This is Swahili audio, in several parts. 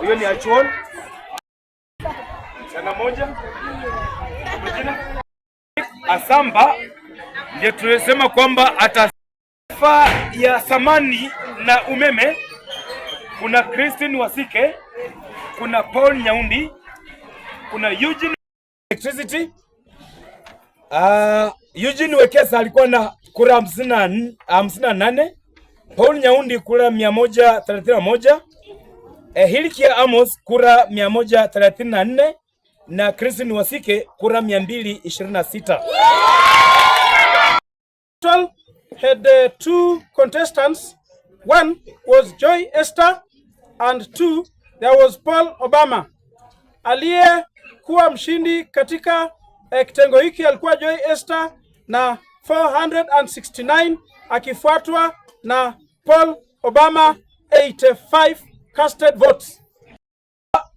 Huyo ni Achuon. Sana moja. Majina Asamba ndiye tunasema kwamba atafa ya samani na umeme. Kuna Christine Wasike, kuna Paul Nyaundi, kuna Eugene Electricity. Uh, Eugene Wekesa alikuwa na kura hamsini na nane, Paul Nyaundi kura mia moja thelathini na moja eh, Hilkia Amos kura 134 na Christine Wasike kura 226. Yeah! Had uh, two contestants. One was Joy Esther and two there was Paul Obama. Aliyekuwa mshindi katika eh, kitengo hiki alikuwa Joy Esther na 469 akifuatwa na Paul Obama 85 casted votes.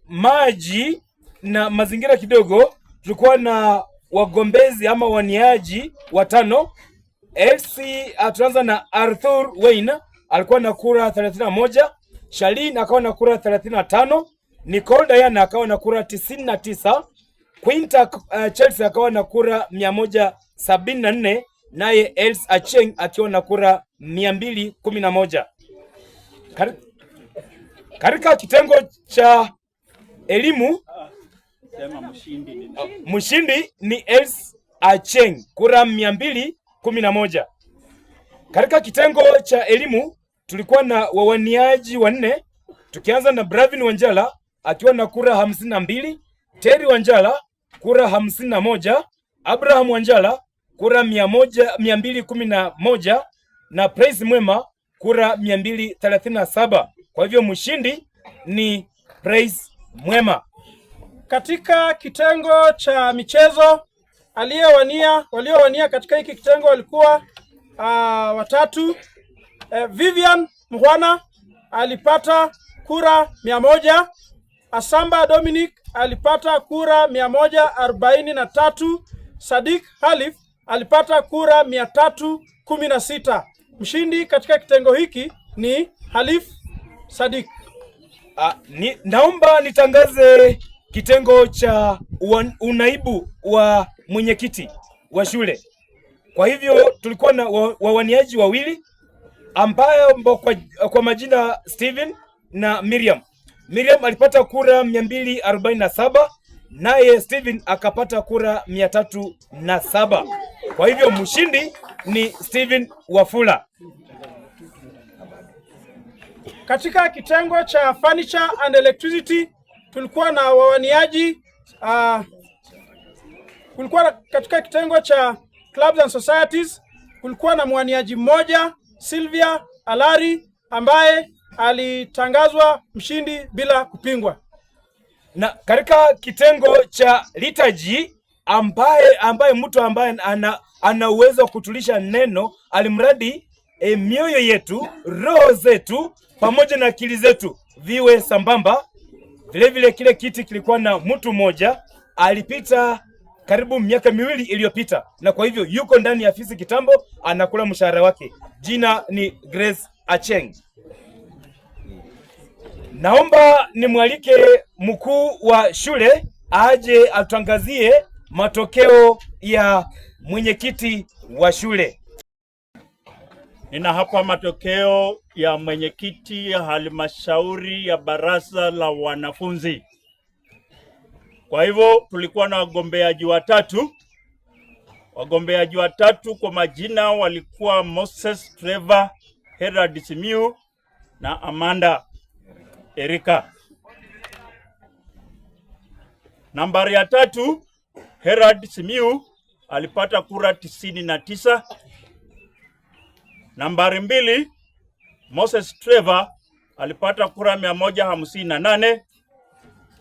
Maji na mazingira kidogo, tulikuwa na wagombezi ama waniaji watano. FC ah, tunaanza na Arthur Wayne alikuwa na kura 31, Shalin akawa na kura 35, Nicole Diana akawa na kura 99, Quinta uh, Chelsea akawa na kura 174, naye Els Acheng akiwa na kura 211. Karibu katika kitengo cha elimu mshindi ni Els Acheng kura mia mbili kumi na moja. Katika kitengo cha elimu tulikuwa na wawaniaji wanne tukianza na Bravin Wanjala akiwa na kura hamsini na mbili, Terry Wanjala kura hamsini na moja, Abraham Wanjala kura mia moja, mia mbili kumi na moja na Praise Mwema kura mia mbili thelathini na saba. Kwa hivyo mshindi ni Praise Mwema. Katika kitengo cha michezo aliyewania waliowania katika hiki kitengo walikuwa uh, watatu. Eh, Vivian Mhwana alipata kura mia moja. Asamba Dominic alipata kura mia moja arobaini na tatu. Sadik Halif alipata kura mia tatu kumi na sita. Mshindi katika kitengo hiki ni Halif Sadik, Ah, ni, naomba nitangaze kitengo cha uan, unaibu wa mwenyekiti wa shule. Kwa hivyo tulikuwa na wawaniaji wa wawili ambayo kwa, kwa majina Steven na Miriam. Miriam alipata kura 247 naye Steven akapata kura 307. Kwa hivyo mshindi ni Steven Wafula. Katika kitengo cha furniture and electricity tulikuwa na wawaniaji uh, kulikuwa katika kitengo cha clubs and societies kulikuwa na mwaniaji mmoja Sylvia Alari ambaye alitangazwa mshindi bila kupingwa. Na katika kitengo cha liturgy ambaye ambaye mtu ambaye ana ana uwezo wa kutulisha neno, alimradi e, mioyo yetu, roho zetu pamoja na akili zetu viwe sambamba. Vilevile kile kiti kilikuwa na mtu mmoja alipita karibu miaka miwili iliyopita, na kwa hivyo yuko ndani ya afisi kitambo, anakula mshahara wake. Jina ni Grace Acheng. Naomba nimwalike mkuu wa shule aje atangazie matokeo ya mwenyekiti wa shule. Nina hapa matokeo ya mwenyekiti ya halmashauri ya baraza la wanafunzi. Kwa hivyo tulikuwa na wagombeaji watatu. Wagombeaji watatu kwa majina walikuwa Moses Trevor, Herald Simiu na Amanda Erika. Nambari ya tatu Herald Simiu alipata kura tisini na tisa. Nambari mbili Moses Trevor alipata kura mia moja hamsini na nane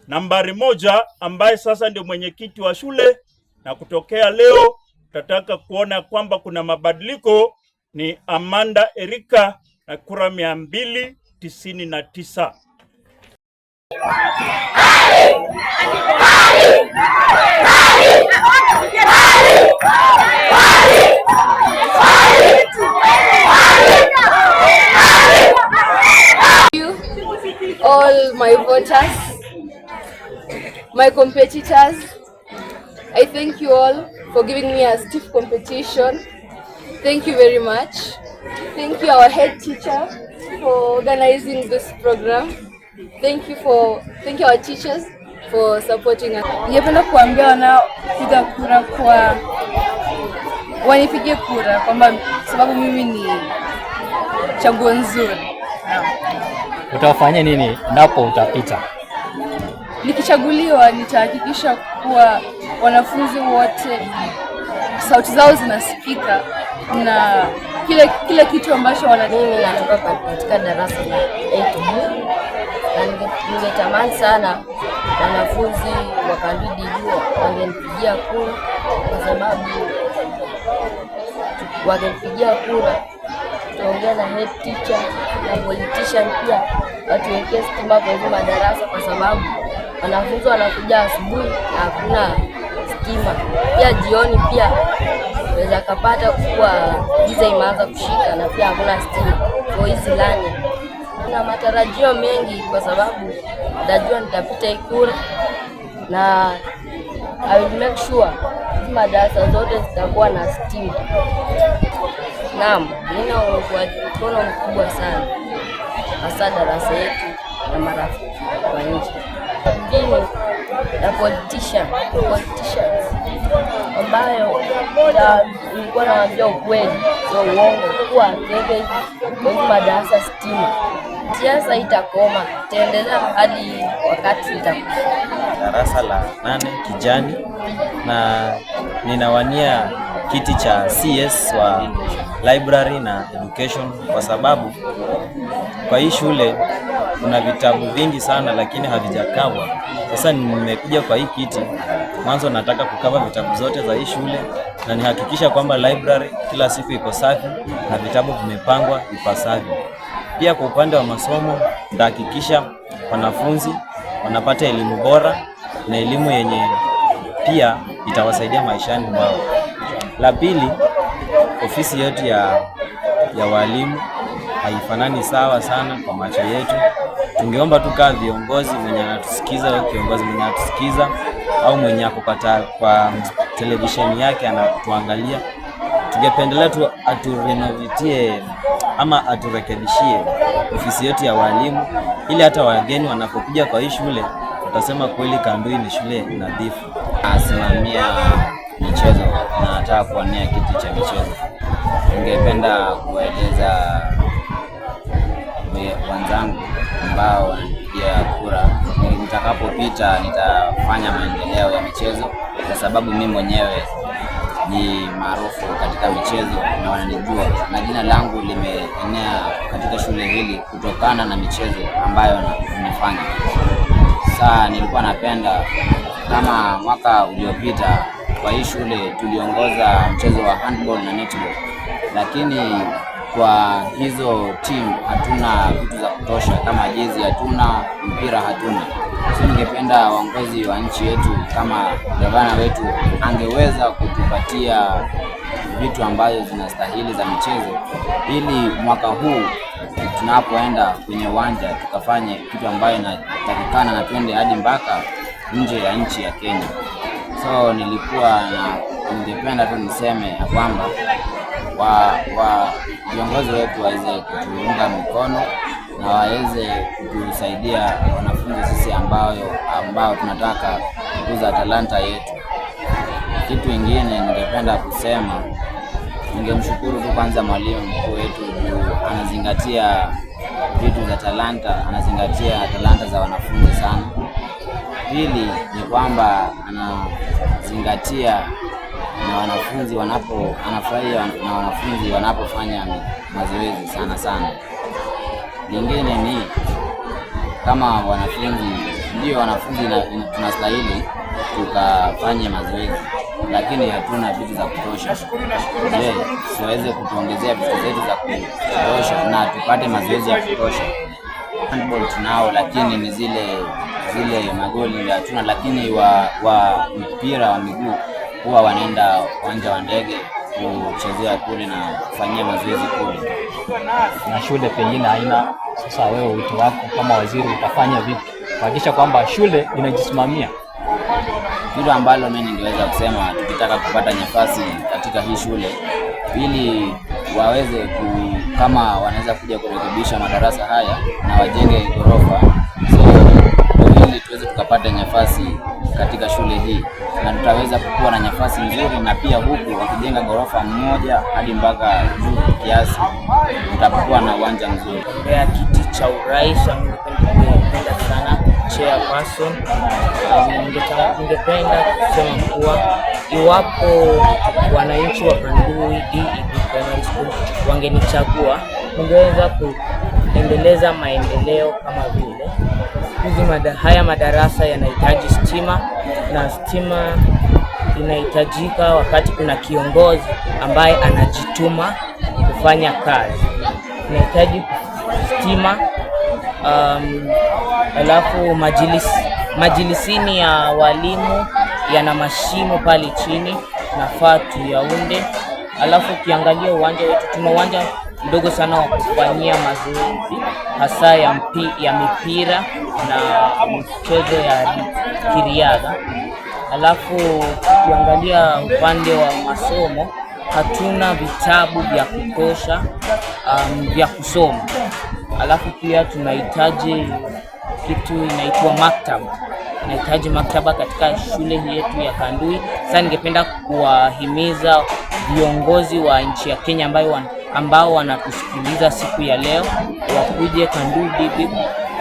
nambari moja, ambaye sasa ndio mwenyekiti wa shule, na kutokea leo tutataka kuona kwamba kuna mabadiliko. Ni Amanda Erika na kura mia mbili tisini na tisa all my voters, my competitors. I thank you all for giving me a stiff competition. Thank you very much. Thank you our head teacher for organizing this program. Thank you for thank you our teachers for supporting us. Ningependa kuambia wanapiga kura kwa wanipige kura kwamba sababu mimi ni chaguo nzuri. Utafanya nini napo utapita? Nikichaguliwa nitahakikisha kuwa wanafunzi wote sauti zao zinasikika na kile kile kitu ambacho wanajua. Natoka katika darasa la 8 na ningetamani sana wanafunzi wa Kandidi juu wangenipigia kura, kwa sababu wangenipigia kura tunaongea na head teacher na politician pia watuwekee stima kwa hizo madarasa, kwa sababu wanafunzi wanakuja asubuhi na hakuna stima. Pia jioni pia weza kapata kuwa giza imeanza kushika na pia hakuna stima kwa hizi lani. Kuna matarajio mengi kwa sababu najua nitapita ikura na I will make sure madarasa zote zitakuwa na stima. Naam, nina mkono mkubwa sana hasa darasa yetu na marafiki kwa nje mjini na kuwatisha na ambayo nilikuwa nawaambia ukweli so uongo kuwa tege kwenye madarasa stima. Siasa itakoma, itaendelea hadi wakati itakoma. Darasa la nane kijani na ninawania kiti cha CS wa library na education, kwa sababu kwa hii shule kuna vitabu vingi sana lakini havijakawa. Sasa nimekuja kwa hii kiti, mwanzo nataka kukava vitabu zote za hii shule na nihakikisha kwamba library kila siku iko safi na vitabu vimepangwa ipasavyo. Pia kwa upande wa masomo nitahakikisha wanafunzi wanapata elimu bora na elimu yenye pia itawasaidia maishani mwao. La pili, ofisi yetu ya, ya walimu haifanani sawa sana kwa macho yetu. Tungeomba tu kaa viongozi, mwenye anatusikiza au kiongozi mwenye anatusikiza au mwenye ako kwa televisheni yake anatuangalia, tungependelea tu aturenovitie ama aturekebishie ofisi yetu ya walimu ili hata wageni wanapokuja kwa hii shule utasema kweli Kandui ni shule nadhifu. Asimamia michezo kukataa kuwania kiti cha michezo, ningependa kuwaeleza wenzangu ambao wananipigia kura, nitakapopita nitafanya maendeleo ya michezo, kwa sababu mimi mwenyewe ni maarufu katika michezo na wananijua, na jina langu limeenea katika shule hili kutokana na michezo ambayo nimefanya. Sasa nilikuwa napenda kama mwaka uliopita kwa hii shule tuliongoza mchezo wa handball na netball, lakini kwa hizo timu hatuna vitu za kutosha kama jezi, hatuna mpira, hatuna so, ningependa waongozi wa nchi yetu kama gavana wetu angeweza kutupatia vitu ambazo zinastahili za michezo, ili mwaka huu tunapoenda kwenye uwanja tukafanye kitu ambayo inatakikana na twende hadi mpaka nje ya nchi ya Kenya. So nilikuwa ningependa tu niseme ya kwamba wa viongozi wetu waweze kutuunga mikono na waweze kutusaidia wanafunzi sisi ambayo ambao tunataka kukuza talanta yetu. Kitu ingine ningependa kusema, ningemshukuru tu kwanza mwalimu mkuu wetu juu anazingatia vitu za talanta, anazingatia talanta za wanafunzi sana. Pili ni kwamba anazingatia na wanafunzi wanapo, anafurahia na wanafunzi wanapofanya mazoezi sana sana. Lingine ni kama wanafunzi ndio wanafunzi tunastahili tukafanye mazoezi, lakini hatuna vitu za kutosha. Je, siweze kutuongezea vitu zetu za kutosha na tupate mazoezi ya kutosha? Handball tunao, lakini ni zile zile magoli tuna, lakini wa wa mpira wa miguu huwa wanaenda uwanja wa ndege kuchezea kule na kufanyia mazoezi kule, na shule pengine haina. Sasa wewe wito wako kama waziri utafanya vipi kuhakikisha kwamba shule inajisimamia? Kitu ambalo mimi ningeweza kusema, tukitaka kupata nafasi katika hii shule, ili waweze ku, kama wanaweza kuja kurekebisha madarasa haya na wajenge ghorofa ili tuweze tukapata nafasi katika shule hii na tutaweza kukuwa na nafasi nzuri, na pia huku wakijenga ghorofa mmoja hadi mpaka juu kiasi, tutakuwa na uwanja mzuri. Kwa kiti cha urais ningependa sana chairperson, ningependa kusema kuwa iwapo wananchi wa bandui e Primary School wangenichagua, ningeweza kuendeleza maendeleo kama vile hizi mada, haya madarasa yanahitaji stima na stima inahitajika wakati kuna kiongozi ambaye anajituma kufanya kazi, inahitaji stima. Um, alafu majilis, majilisini ya walimu yana mashimo pale chini, nafaa tuyaunde. Alafu ukiangalia uwanja wetu, tuna uwanja mdogo sana wa kufanyia mazoezi hasa ya, mpi, ya mipira na mchezo ya kiriadha. Alafu ukiangalia upande wa masomo hatuna vitabu vya kutosha um, vya kusoma. Alafu pia tunahitaji kitu inaitwa maktaba, tunahitaji maktaba katika shule hii yetu ya Kandui. Sasa ningependa kuwahimiza viongozi wa nchi ya Kenya ambayo wan, ambao wanatusikiliza siku ya leo wakuje Kandui bibi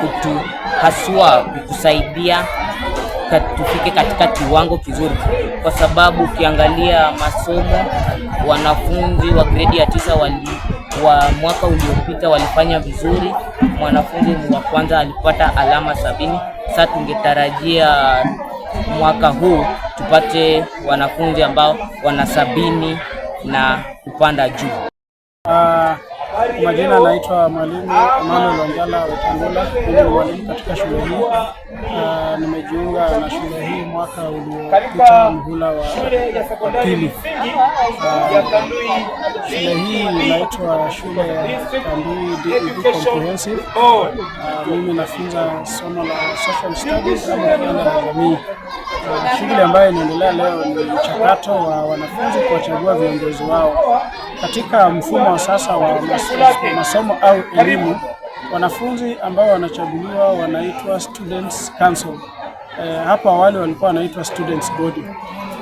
kutu haswa kukusaidia tufike katika kiwango kizuri, kwa sababu ukiangalia masomo, wanafunzi wa gredi ya tisa wali, wa mwaka uliopita walifanya vizuri. Mwanafunzi wa kwanza alipata alama sabini. Sasa tungetarajia mwaka huu tupate wanafunzi ambao wana sabini na kupanda juu. Uh... Majina naitwa mwalimu Emmanuel Wanjala Wetangula, ni mwalimu katika shule hii. Ah, nimejiunga na shule hii mwaka uliopita mhula wa pili. Ah, shule hii inaitwa shule ya Kandui e Comprehensive. Ah, mimi nafunza somo la social studies ama na jamii. Shughuli ambayo inaendelea leo ni mchakato wa wanafunzi kuwachagua viongozi wao katika mfumo wa sasa wa masomo au elimu. Wanafunzi ambao wanachaguliwa wanaitwa Students Council. Eh, hapo awali walikuwa wanaitwa Students Body.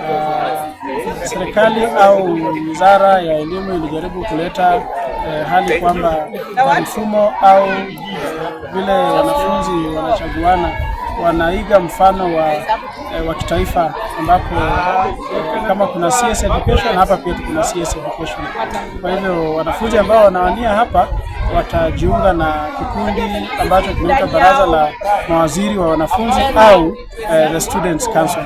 Uh, serikali au wizara ya elimu ilijaribu kuleta eh, hali kwamba mfumo au vile wanafunzi wanachaguana wanaiga mfano wa, e, wa kitaifa ambapo kama kuna CS education hapa pia kuna CS education. Kwa hivyo wanafunzi ambao wanawania hapa watajiunga na kikundi ambacho kinaitwa baraza la mawaziri wa wanafunzi au e, the students council.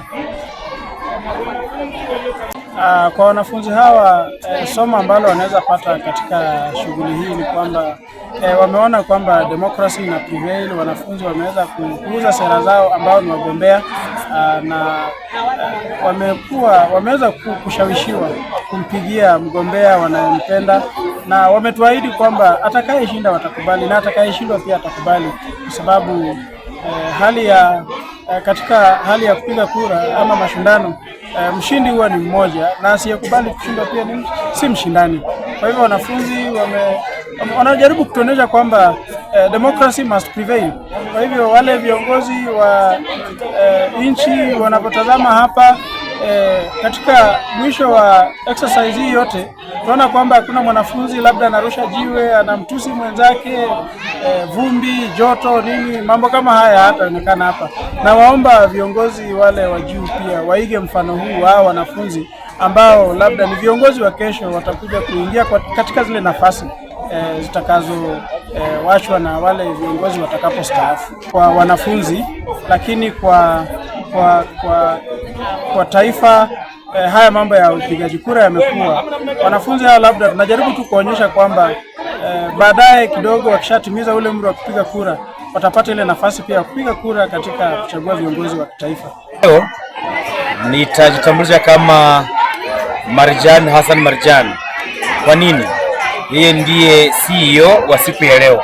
Uh, kwa wanafunzi hawa uh, somo ambalo wanaweza pata katika shughuli hii ni kwamba uh, wameona kwamba democracy na prevail. Wanafunzi wameweza kuuza sera zao ambao ni wagombea uh, na uh, wamekuwa wameweza kushawishiwa kumpigia mgombea wanayempenda, na wametuahidi kwamba atakayeshinda watakubali na atakayeshindwa pia atakubali, kwa sababu uh, hali ya Eh, katika hali ya kupiga kura ama mashindano eh, mshindi huwa ni mmoja, na asiyekubali kushindwa pia ni si mshindani. Kwa hivyo wanafunzi wame wanajaribu kutuonyesha kwamba eh, democracy must prevail. Kwa hivyo wale viongozi wa eh, nchi wanapotazama hapa eh, katika mwisho wa exercise hii yote tunaona kwamba hakuna mwanafunzi labda anarusha jiwe, anamtusi mwenzake, eh, vumbi, joto, nini, mambo kama haya hataonekana hapa. Na waomba viongozi wale wa juu pia waige mfano huu wa wanafunzi ambao labda ni viongozi wa kesho watakuja kuingia katika zile nafasi eh, zitakazo zitakazowachwa eh, washwa na wale viongozi watakapostaafu, kwa wanafunzi lakini kwa kwa, kwa, kwa taifa eh, haya mambo ya upigaji kura yamekuwa wanafunzi hao, labda tunajaribu tu kuonyesha kwamba eh, baadaye kidogo wakishatimiza ule umri wa kupiga kura watapata ile nafasi pia ya kupiga kura katika kuchagua viongozi wa kitaifa. Leo nitajitambulisha kama Marjan Hassan Marjan. Kwa nini? Yeye ndiye CEO wa siku ya leo.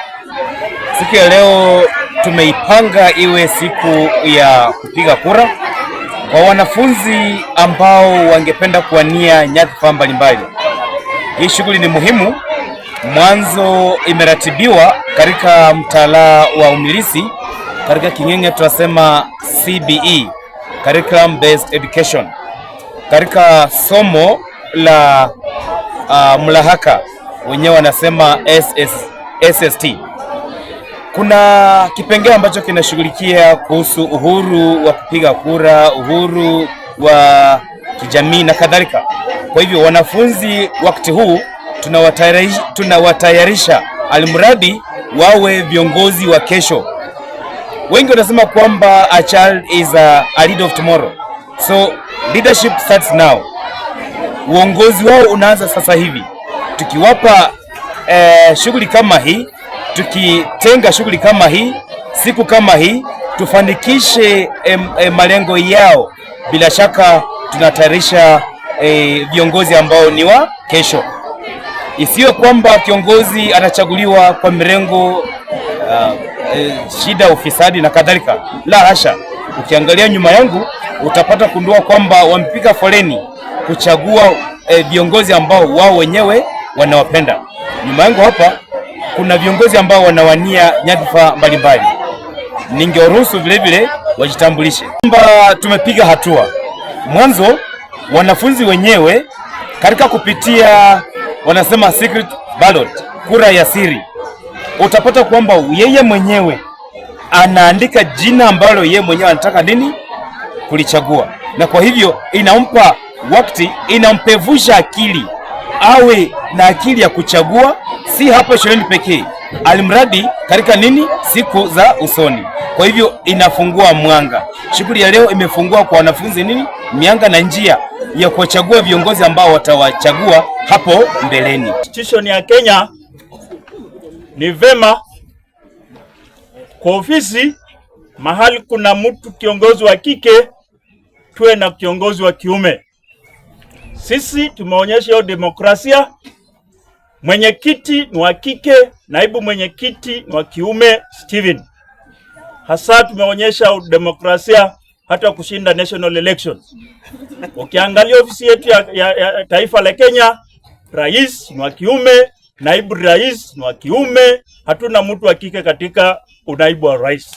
Siku ya leo tumeipanga iwe siku ya kupiga kura kwa wanafunzi ambao wangependa kuwania nyadhifa mbalimbali. Hii shughuli ni muhimu, mwanzo imeratibiwa katika mtaala wa umilisi katika kingenge tunasema CBE, curriculum based education, katika somo la uh, mlahaka wenyewe wanasema SS, SST kuna kipengele ambacho kinashughulikia kuhusu uhuru wa kupiga kura, uhuru wa kijamii na kadhalika. Kwa hivyo wanafunzi wakati huu tunawatayarisha, tunawatayarisha almradi wawe viongozi wa kesho. Wengi wanasema kwamba a child is a, a leader of tomorrow, so leadership starts now. Uongozi wao unaanza sasa hivi tukiwapa eh, shughuli kama hii tukitenga shughuli kama hii, siku kama hii, tufanikishe em, em, malengo yao, bila shaka tunatayarisha eh, viongozi ambao ni wa kesho. Isiyo kwamba kiongozi anachaguliwa kwa mrengo uh, eh, shida, ufisadi na kadhalika, la hasha. Ukiangalia nyuma yangu utapata kundua kwamba wamepiga foleni kuchagua eh, viongozi ambao wao wenyewe wanawapenda. Nyuma yangu hapa kuna viongozi ambao wanawania nyadhifa mbalimbali, ningewaruhusu vilevile wajitambulishe. Kwamba tumepiga hatua mwanzo, wanafunzi wenyewe katika kupitia wanasema secret ballot, kura ya siri, utapata kwamba yeye mwenyewe anaandika jina ambalo yeye mwenyewe anataka nini kulichagua, na kwa hivyo inampa wakati, inampevusha akili awe na akili ya kuchagua si hapo shuleni pekee, alimradi katika nini, siku za usoni. Kwa hivyo inafungua mwanga. Shughuli ya leo imefungua kwa wanafunzi nini, mianga na njia ya kuwachagua viongozi ambao watawachagua hapo mbeleni. Constitution ya Kenya ni vema kwa ofisi mahali kuna mtu kiongozi wa kike tuwe na kiongozi wa kiume. Sisi tumeonyesha hiyo demokrasia. Mwenyekiti ni wa kike, naibu mwenyekiti ni wa kiume Steven. Hasa tumeonyesha demokrasia hata kushinda national elections. Ukiangalia ofisi yetu ya, ya, ya taifa la Kenya, rais ni wa kiume, naibu rais ni wa kiume, hatuna mtu wa kike katika unaibu wa rais.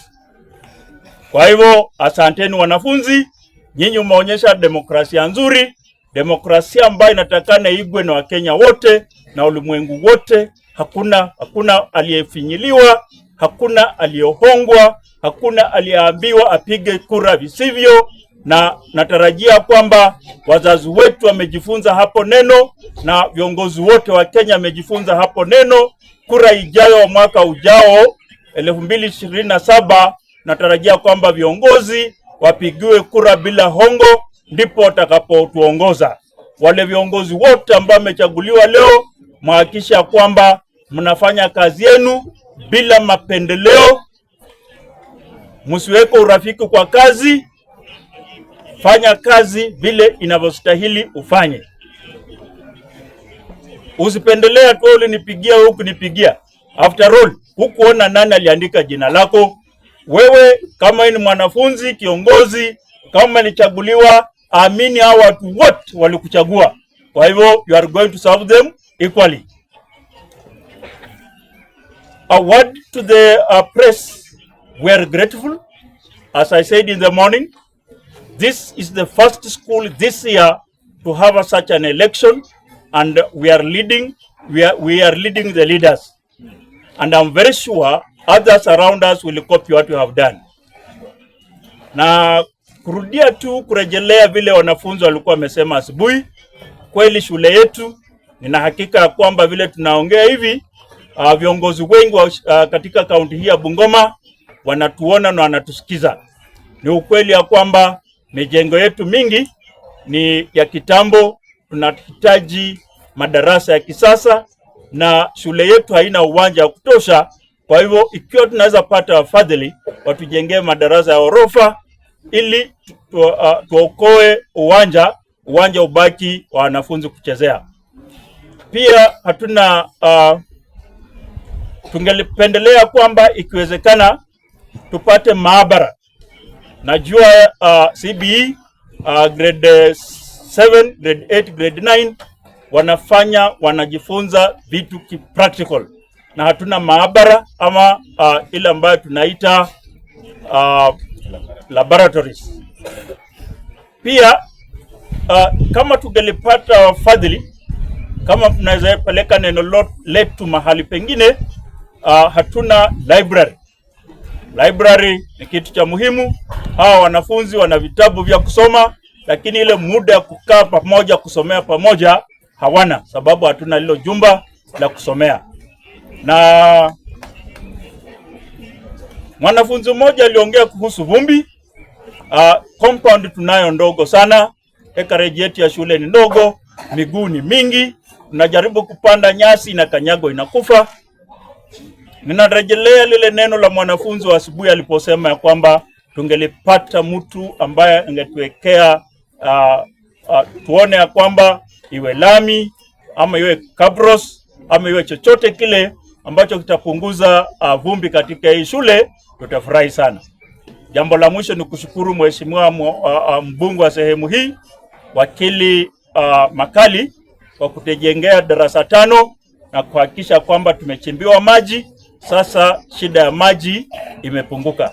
Kwa hivyo asanteni wanafunzi, nyinyi umeonyesha demokrasia nzuri demokrasia ambayo inatakana igwe na Wakenya wote na ulimwengu wote. Hakuna hakuna aliyefinyiliwa, hakuna aliyohongwa, hakuna aliyeambiwa apige kura visivyo, na natarajia kwamba wazazi wetu wamejifunza hapo neno na viongozi wote wa Kenya wamejifunza hapo neno. Kura ijayo mwaka ujao elfu natarajia kwamba viongozi wapigiwe kura bila hongo ndipo watakapotuongoza. Wale viongozi wote ambao wamechaguliwa leo, mhakikisha kwamba mnafanya kazi yenu bila mapendeleo, msiweke urafiki kwa kazi. Fanya kazi vile inavyostahili ufanye, usipendelea tu ulinipigia huku ukunipigia. After all, hukuona nani aliandika jina lako. Wewe kama ni mwanafunzi, kiongozi, kama nilichaguliwa amini hao watu wote walikuchagua. Kwa hivyo you are going to serve them equally. A word to the uh, press. We are grateful. As I said in the morning, this is the first school this year to have a, such an election and we are leading we are, we are leading the leaders and I'm very sure others around us will copy what you have done. Na kurudia tu kurejelea vile wanafunzi walikuwa wamesema asubuhi. Kweli shule yetu, nina hakika ya kwamba vile tunaongea hivi, uh, viongozi wengi wa, uh, katika kaunti hii ya Bungoma wanatuona na wanatusikiza. Ni ukweli ya kwamba mijengo yetu mingi ni ya kitambo, tunahitaji madarasa ya kisasa na shule yetu haina uwanja wa kutosha. Kwa hivyo ikiwa tunaweza pata wafadhili watujengee madarasa ya ghorofa ili uh, tuokoe uh, uwanja uwanja ubaki wa wanafunzi kuchezea. Pia hatuna uh, tungelipendelea kwamba ikiwezekana tupate maabara. Najua uh, CBE uh, grade 7, grade 8, grade 9 wanafanya wanajifunza vitu practical, na hatuna maabara ama uh, ile ambayo tunaita uh, laboratories. Pia uh, kama tungelipata wafadhili kama tunaweza peleka neno letu mahali pengine. Uh, hatuna library. Library ni kitu cha muhimu. Hawa wanafunzi wana vitabu vya kusoma, lakini ile muda ya kukaa pamoja kusomea pamoja hawana, sababu hatuna lilo jumba la kusomea na Mwanafunzi mmoja aliongea kuhusu vumbi. Uh, compound tunayo ndogo sana, ekareji yetu ya shule ni ndogo, miguu ni mingi, tunajaribu kupanda nyasi na kanyago inakufa. Ninarejelea lile neno la mwanafunzi wa asubuhi aliposema ya kwamba tungelipata mtu ambaye angetuwekea uh, uh, tuone ya kwamba iwe lami ama iwe kabros ama iwe chochote kile ambacho kitapunguza uh, vumbi katika hii shule, tutafurahi sana. Jambo la mwisho ni kushukuru mheshimiwa uh, uh mbunge wa sehemu hii wakili uh, Makali kwa kutujengea darasa tano na kuhakikisha kwamba tumechimbiwa maji. Sasa shida ya maji imepunguka.